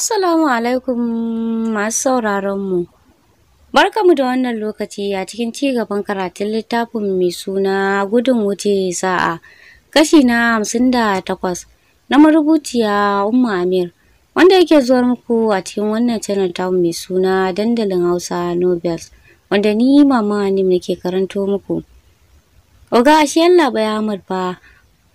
Assalamu alaikum masu Barka mu da wannan lokaci a cikin ci gaban karatun littafin mai suna gudun wuce sa'a kashi na hamsin da takwas na marubuciya Umma Amir wanda yake zuwa muku a cikin wannan channel ta mai suna dandalin Hausa Nobels wanda ni mama ne nake karanto muku. Oga ashe yalla bai Ahmad ba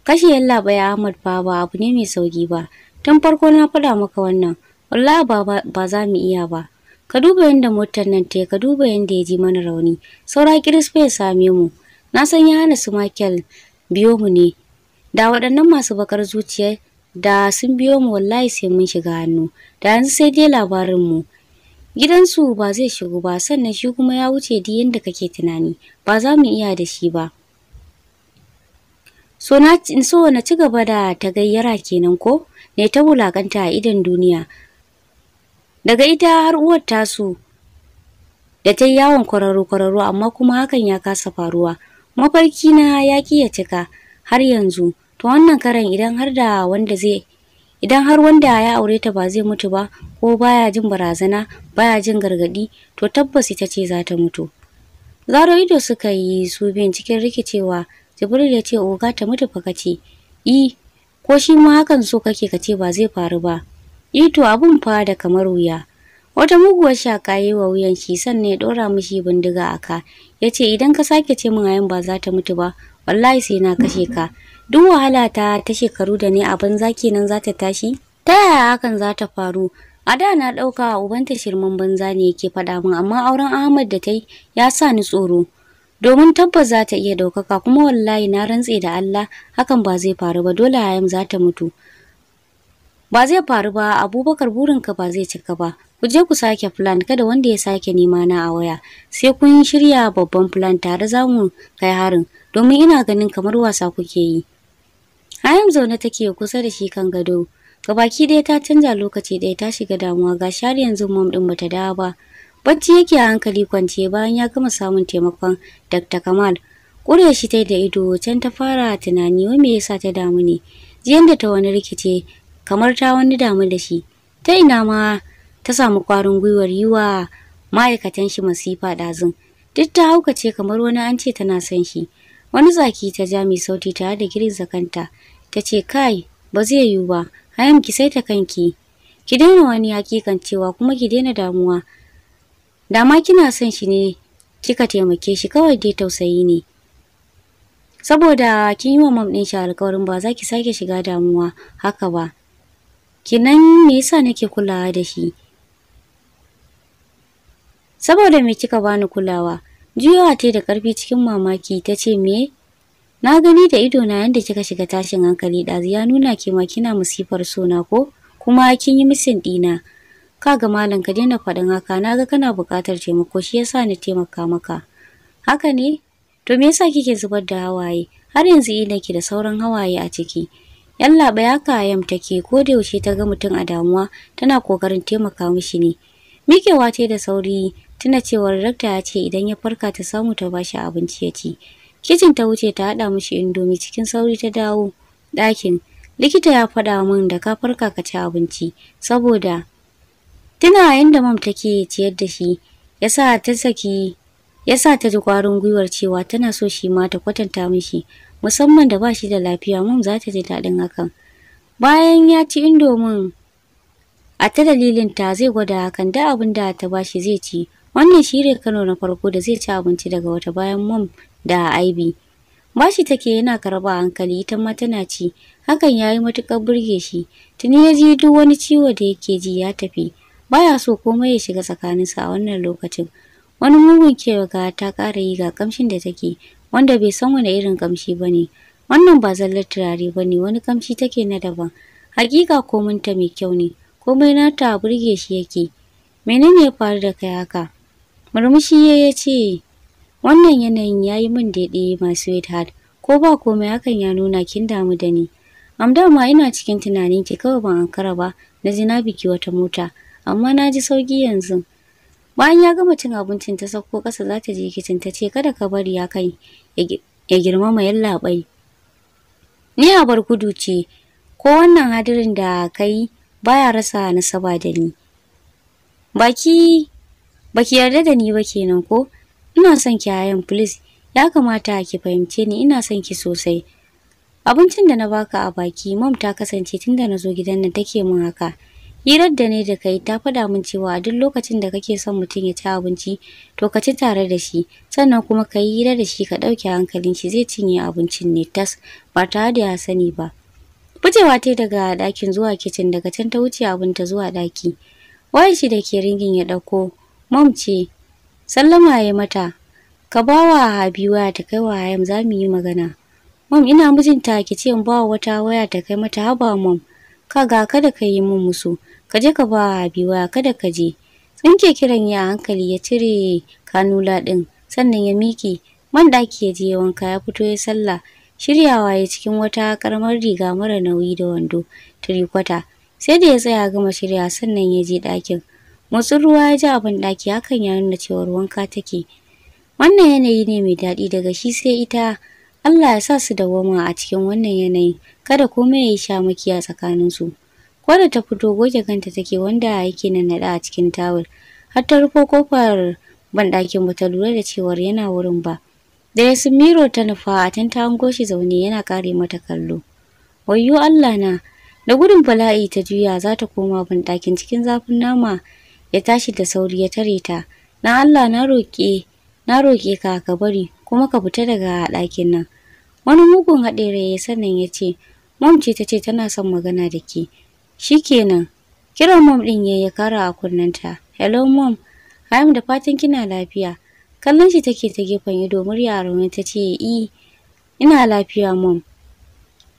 kashi yalla bai Ahmad ba ba abu ne mai sauki ba tun farko na faɗa maka wannan wallahi ba ba za mu iya ba ka duba yadda motar nan ta ka duba yadda ya ji mana rauni saura kirispe ya same mu na san ya hana su Michael biyo mu ne da waɗannan masu bakar zuciya da sun biyo mu wallahi sai mun shiga hannu da yanzu sai dai labarin mu gidansu ba zai shigo ba sannan shi kuma ya wuce duk yadda kake tunani ba za mu iya da shi ba so na ci gaba da ta tagayyara kenan ko ne ta wulakanta a idon duniya daga ita har uwar tasu da ta yi yawon kwararo-kwararo amma kuma hakan ya kasa faruwa mafarki na ya ya cika har yanzu to wannan karan idan har da wanda zai idan har wanda ya aure ta ba zai mutu ba ko baya jin barazana baya jin gargadi to tabbas ita ce za ta mutu zaro ido suka yi su bin cikin rikicewa jibril ya ce oga ta mutu fa kace i ko shi ma hakan so kake kace ba zai faru ba Ito eh abun fa da kamar wuya. Wata muguwar shaka yi wa wuyan shi sannan ya ɗora mishi bindiga a ka. Ya ce idan ka sake ce min ayan ba za ta mutu ba, wallahi sai na kashe ka. Duk wahala ta ta shekaru da ne a banza kenan za ta tashi? Ta yaya hakan za ta faru? A da na ɗauka ubanta shirman banza ne yake faɗa min amma auren Ahmad da ta yi ya sa ni tsoro. Domin tabbas za ta iya ɗaukaka kuma wallahi na rantse da Allah hakan ba zai faru ba dole hayam za ta mutu. ba zai faru ba abubakar burinka ba zai cika ba ku je ku sake plan kada wanda ya sake nema na a waya sai kun shirya babban plan tare za mu kai harin domin ina ganin kamar wasa kuke yi hayam zaune take kusa da shi kan gado baki ɗaya ta canza lokaci ɗaya ta shiga damuwa ga shari yanzu mom ɗin bata dawo ba bacci yake a hankali kwanciye bayan ya gama samun taimakon dr kamal ƙure shi ta da ido can ta fara tunani wai me yasa ta damu ne jiyan da ta wani rikice kamar ta wani damu da shi ta ina ma ta samu kwarin gwiwar yi wa ma'aikatan shi masifa ɗazun duk ta haukace kamar wani an ce tana son shi wani zaki ta ja mai sauti tare da girgiza kanta ta ce kai ba zai yiwu ba hayan ki ta kanki ki daina wani hakikan cewa kuma ki daina damuwa dama kina son shi ne kika taimake shi kawai dai tausayi ne saboda kin yi wa mam ɗin shi alkawarin ba za ki sake shiga damuwa haka ba kinan me yasa nake kulawa da shi saboda me kika bani kulawa juyawa ta da karfi cikin mamaki tace ce me na gani da ido na yanda kika shiga tashin hankali ɗazu ya nuna ke ma kina musifar sona ko kuma kin yi misin ɗina kaga malam ka daina faɗin haka naga kana buƙatar taimako shi yasa ni taimaka maka haka ne to me yasa kike zubar da hawaye har yanzu ina ki da sauran hawaye a ciki Yalla ba ya kayam take ko da yaushe ta ga mutum a damuwa tana kokarin taimaka mishi ne. Mikewa ce da sauri tuna cewa dakta ya ce idan ya farka ta samu ta bashi abinci ya ci. Kicin ta wuce ta haɗa mishi indomi cikin sauri ta dawo ɗakin. Likita ya faɗa min da ka farka ka ci abinci saboda tuna yanda mam take ciyar da shi yasa ta saki yasa ta ji kwarin gwiwar cewa tana so shi ma ta kwatanta mishi musamman da ba shi da lafiya mum za ta ji daɗin hakan bayan ya ci indomin a ta dalilin ta zai gwada hakan da abin da ta ba shi zai ci wannan shi ne kano na farko da zai ci abinci daga wata bayan mum da aibi bashi take yana karba hankali ita ma tana ci hakan yayi matukar burge shi tuni ya ji duk wani ciwo da yake ji ya tafi baya so komai ya shiga tsakaninsa a wannan lokacin wani mugun kewa ga ta ƙara yi ga ƙamshin da take wanda bai san wani irin kamshi ba ne. Wannan ba zallar turare ba ne, wani kamshi take na daban. Hakika kominta mai kyau ne, komai na nata burge shi yake. Menene ya faru da kai haka? Murmushi ya ya ce, Wannan yanayin ya yi min daidai masu sweetheart, ko ba komai hakan ya nuna kin damu da ni. Am dama ina cikin tunanin ki kawai ban ankara ba, na ji na biki wata mota, amma na ji sauki yanzu. bayan ya gama cin abincin ta sauko ƙasa za ta je kicin ta ce kada ka bari ya kai ya girmama yallaɓai ni a bar gudu ce ko wannan hadirin da kai baya rasa nasaba da ni baki baki yarda da ni ba kenan ko ina son ki hayan please ya kamata ki fahimce ni ina son ki sosai abincin da na baka a baki mom ta kasance tunda na zo gidan nan take min haka hirar da ne da kai ta faɗa min cewa duk lokacin da kake son mutum ya ci abinci to ka ci tare da shi sannan kuma ka yi hira da shi ka ɗauke hankalin shi zai cinye abincin ne tas ba tare da ya sani ba Ficewa ta daga dakin zuwa kicin daga can ta wuce ta zuwa daki. Wayan shi da ke ringin ya ɗauko, mom ce, sallama ya mata, ka ba wa Habi waya ta kai wa Hayam za mu yi magana. Mom ina mijinta ki ce in ba wata waya ta kai mata haba mom, kaga kada ka yi min musu, ka je ka ba biwa kada ka je tsinke kiran ya hankali ya cire kanula ɗin sannan ya miki. man ɗaki ya je wanka ya fito ya sallah shiryawa ya cikin wata karamar riga mara nauyi da wando trikwata sai da ya tsaya gama shirya sannan ya je ɗakin motsin ruwa ya ji abin ɗaki hakan ya nuna cewa wanka take wannan yanayi ne mai daɗi daga shi sai ita Allah ya sa su dawoma a cikin wannan yanayin kada komai ya sha maki a tsakaninsu ko da ta fito goge kanta take wanda yake nada a cikin tawul har ta rufo kofar banɗakin ba ta lura da cewar yana wurin ba da ya miro ta nufa a can ta hango zaune yana kare mata kallo wayyo Allah na da gudun bala'i ta juya za ta koma banɗakin cikin zafin nama ya tashi da sauri ya tare ta na Allah na roƙe na roƙe ka ka bari kuma ka fita daga ɗakin nan wani mugun haɗe ya sannan ya ce mom ta ce tana son magana da ke Shikenan. Kiran mom din yayi ya kara a kunnenta. Hello mom. am da fatan kina lafiya. Kallon shi take ta gefen ido murya a rauni ta ce i e, ina lafiya mom.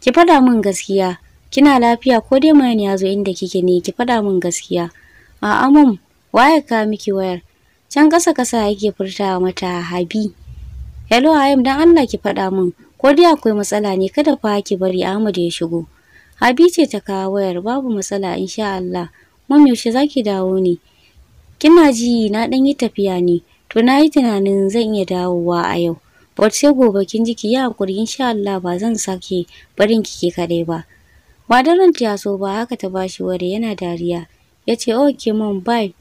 Ki fada min gaskiya. Kina lafiya ko dai mayan ya zo inda kike ne ki fada min gaskiya. A'a mom, waye ka miki wayar? Can kasa kasa yake furtawa mata Habi. Hello Ayam dan Allah ki fada min ko dai akwai matsala ne kada fa ki bari Ahmad ya shigo. Habi ce ta kawo wayar babu matsala insha Allah. Mom yaushe zaki dawo ne? Kina ji na dan yi tafiya ne. To na yi tunanin zan iya dawowa a yau. But sai gobe kin ji ki yi hakuri insha Allah ba zan sake barin ki ke kadai ba. Madaran ta so ba haka ta bashi wari yana dariya. yace ce okay mom bye.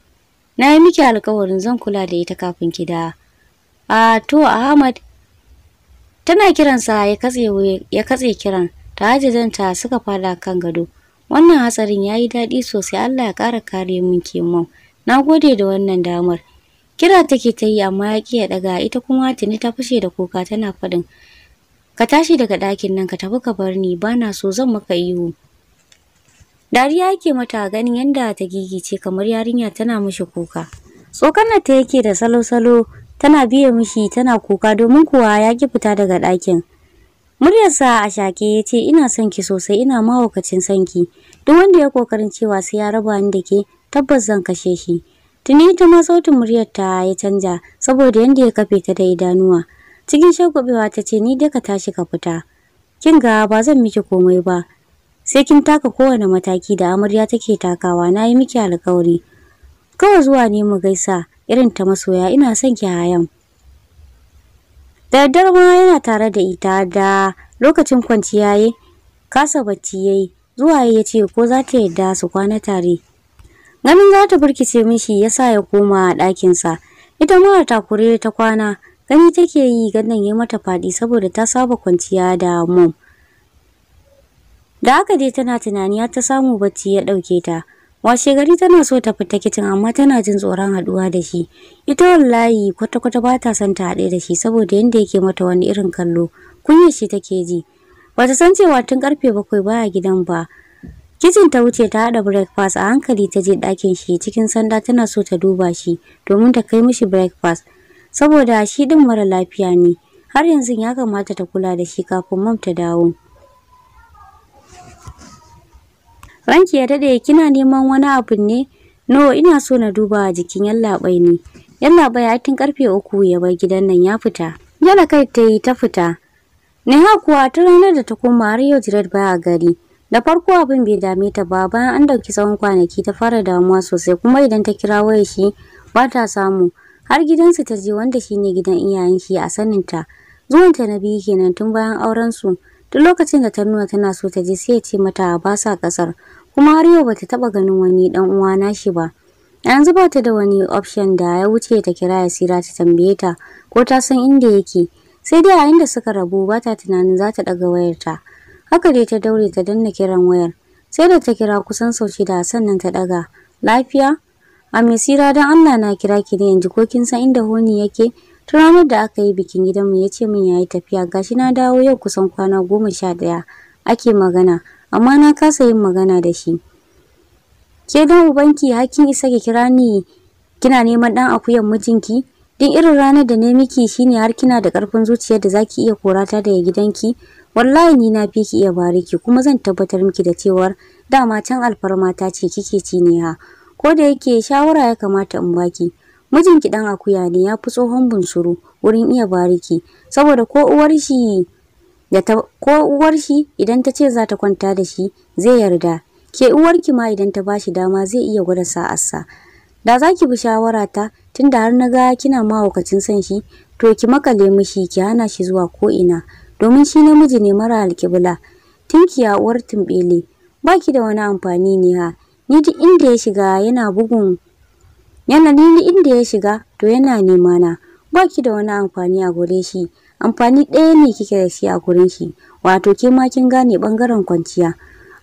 Na yi miki alkawarin zan kula da ita kafin ki da. A to Ahmad tana kiransa ya katse ya katse kiran. ta suka fada kan gado wannan hatsarin ya yi daɗi sosai allah ya ƙara kare mun ke na gode da wannan damar kira take ta yi amma ya ƙi ya ɗaga ita kuma tuni ta fashe da kuka tana faɗin ka tashi daga ɗakin nan ka tafi ka bar ni ba na so zan maka ihu dariya yake mata ganin yadda ta gigice kamar yarinya tana mishi kuka tsokanar ta yake da salo-salo tana biye mishi tana kuka domin kuwa ya ki fita daga ɗakin Muryarsa a shake ya ce ina son ki sosai ina mahaukacin son ki. Duk wanda ya kokarin cewa sai ya raba ni da ke tabbas zan kashe shi. Tuni ta ma sautin muryarta ya canja saboda yadda ya kafe ta da idanuwa. Cikin shagwabewa ta ce ni daka tashi ka fita. Kin ga ba zan miki komai ba. Sai kin taka kowane mataki da amarya take takawa na yi miki alkawari. Kawai zuwa ne mu gaisa irin ta masoya ina son ki hayan. da daddare yana tare da ita da lokacin kwanciya yi kasa bacci yayi zuwa ya ce ko za ta yarda su kwana tare ganin za ta burkice mishi yasa ya koma ɗakinsa ita ma ta kure ta kwana gani take yi gannan ya mata faɗi saboda ta saba kwanciya da mom da aka dai tana tunani ta samu bacci ya ɗauke ta washe gari tana so ta fita kicin amma tana jin tsoron haduwa da shi ita wallahi kwata-kwata ba ta son ta haɗe da shi saboda yanda yake mata wani irin kallo kunyar shi take ji Ba ta san cewa tun karfe bakwai baya gidan ba Kicin ta wuce ta haɗa breakfast a hankali ta je ɗakin shi cikin sanda tana so ta duba shi domin ta kai mishi breakfast saboda shi ɗin mara lafiya ne har yanzu ya kamata ta kula da shi kafin mam ta dawo. Ranki ya dade kina neman wani abu ne? No, ina so na duba jikin yallaɓai ne. Yallaɓai ya tun karfe uku ya bar gidan nan ya fita. Yana kai ta yi ta fita. Neha kuwa ta ranar da ta koma har yau Jiret baya gari. Da farko abin bai dame ta ba bayan an dauki tsawon kwanaki ta fara damuwa sosai kuma idan ta kira wayar shi ba ta samu. Har gidansu ta je wanda shine gidan iyayen shi a saninta. Zuwanta na biyu kenan tun bayan auren su. duk lokacin da ta nuna tana so ta je sai ya ce mata ba sa kasar kuma har yau bata taba ganin wani dan uwa nashi ba yanzu ba ta da wani option da ya wuce ta kira ya sira ta tambaye ta ko ta san inda yake sai dai a inda suka rabu ba ta tunanin za ta daga wayarta haka dai ta daure ta danna kiran wayar sai da ta kira kusan sau shida sannan ta daga lafiya a Yasira don Allah na kira ki ne yanzu ko kin san inda honi yake Tun ranar da aka yi bikin gidanmu ya ce min ya yi tafiya gashi na dawo yau kusan kwana goma sha ɗaya ake magana amma na kasa yin magana da shi. Ke dan ubanki har isa ki kira ni kina neman ɗan akuyan mijinki? Din irin ranar da ne miki shine har kina da karfin zuciyar da zaki iya korata daga gidanki? Wallahi ni na fi ki iya bariki kuma zan tabbatar miki da cewar dama can alfarma ta ce kike ci ne ha. Ko da yake shawara ya kamata in baki. mijinki dan akuya ne ya fi tsohon bunsuru wurin iya bariki saboda ko uwar shi da ta ko uwar shi idan ta ce za ta kwanta da shi zai yarda ke uwar ki ma idan ta bashi dama zai iya gwada sa'arsa da za ki bi shawara ta tunda har na ga kina mahaukacin san shi to ki makale mishi ki hana shi zuwa ko ina domin shi namiji ne mara alkibla tinki ya uwar tumbele baki da wani amfani ne ha ni duk inda ya shiga yana bugun yana nini inda ya shiga to yana nema na ba ki da wani amfani a gure shi amfani ɗaya ne kike da shi a gurin shi wato ke ma kin gane ɓangaren kwanciya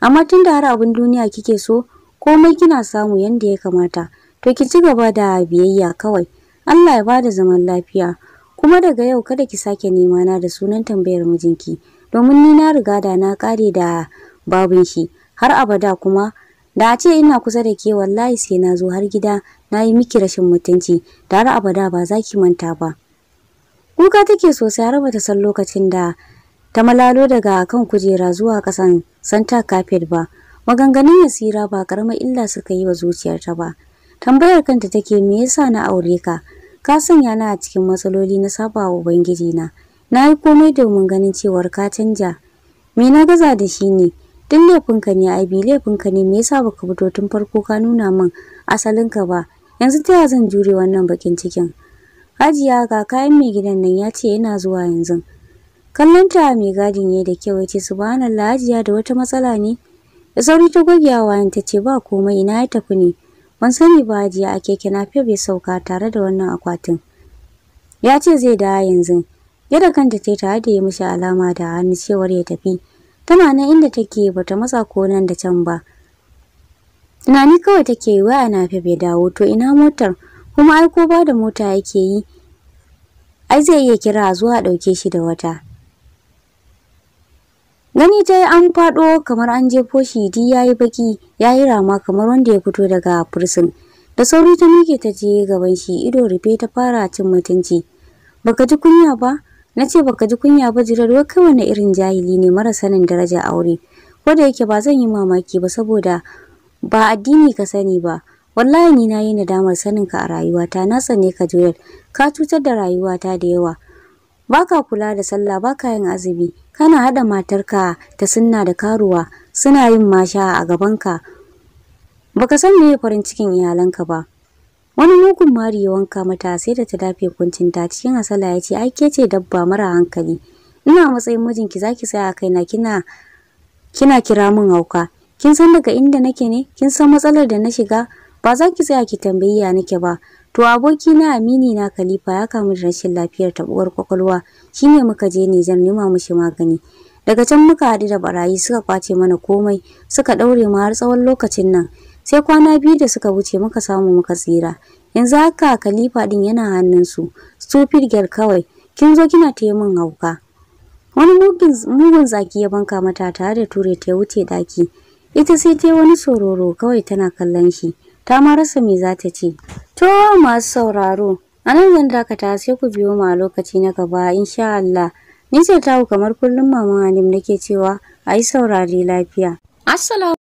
amma tun da har abin duniya kike so komai kina samu yanda ya kamata to ki ci gaba da biyayya kawai Allah ya bada zaman lafiya kuma daga yau kada ki sake nema na da sunan tambayar mijinki domin ni na riga da na kare da babin shi har abada kuma Da a ce ina kusa da ke wallahi sai na zo har gida na yi miki rashin mutunci da har abada ba za ki manta ba. Kuka take sosai har bata san lokacin da ta malalo daga kan kujera zuwa kasan santa carpet ba. Maganganun Yasira ba karamar illa suka yi wa zuciyarta ba. Tambayar kanta take me yasa na aure ka? Ka sanya na a cikin matsaloli na sabawa ubangiji na. Na yi komai domin ganin cewar ka canja. Me na gaza da shi ne? Tun laifin laifinka ne a Abi, laifinka ne me yasa baka fito tun farko ka nuna min asalinka ba. Yanzu ta yaya zan jure wannan bakin cikin? Hajiya ga kayan mai gidan nan ya ce yana zuwa yanzu. Kallon ta mai gadin ya da kyau ya ce subhanallah Hajiya da wata matsala ne. Da sauri ta gogiya wayan ta ce ba komai ina ya tafi ne. Ban sani ba Hajiya a keke na bai sauka tare da wannan akwatin. Ya ce zai dawo yanzu. Yadda kanta ta yi tare da ya mishi alama da hannu cewar ya tafi. tana nan inda take bata matsa ko nan da can ba tunani kawai take wa ana fi bai dawo to ina motar kuma ai ko ba da mota yake yi ai zai iya kira zuwa ɗauke shi da wata gani ta yi an faɗo kamar an jefo shi di ya yi baki ya yi rama kamar wanda ya fito daga fursun da sauri ta miƙe ta je gaban shi ido rufe ta fara cin mutunci baka ji kunya ba Na ce baka ji kunya ba jirarwa kai wani irin jahili ne mara sanin daraja aure. Ko da yake ba zan yi mamaki ba saboda ba addini ka sani ba. Wallahi ni na yi nadamar sanin ka a rayuwata na tsane ka Joel. Ka cutar da rayuwata da yawa. Baka kula da sallah baka yin azumi. Kana hada matarka ta sunna da karuwa suna yin masha a gabanka. Baka san meye farin cikin iyalanka ba. Wani mugun mari ya wanka mata sai da ta dafe ta. cikin asala ya ce ai ke ce dabba mara hankali. Ina matsayin mijinki zaki tsaya a kaina kina kina kira min hauka. Kin san daga inda nake ne? Kin san matsalar da na shiga? Ba za ki tsaya ki tambayi ya nake ba. To aboki na Amini na Khalifa ya kamu da rashin lafiyar tabuwar kwakwalwa shine muka je Nijar nema mishi magani. Daga can muka haɗu da barayi suka kwace mana komai suka ɗaure mu har tsawon lokacin nan. sai kwana biyu da suka wuce muka samu muka tsira yanzu haka khalifa din yana hannunsu stupid girl kawai kin zo kina ta yi min hauka wani mugun zaki ya banka mata tare da ture ta wuce daki ita sai ta wani sororo kawai tana kallon shi ta ma rasa me za ta ce to masu sauraro a nan zan dakata sai ku biyo ma lokaci na gaba insha Allah ni ce tawo kamar kullum mama Halim nake cewa ayi saurare lafiya assalamu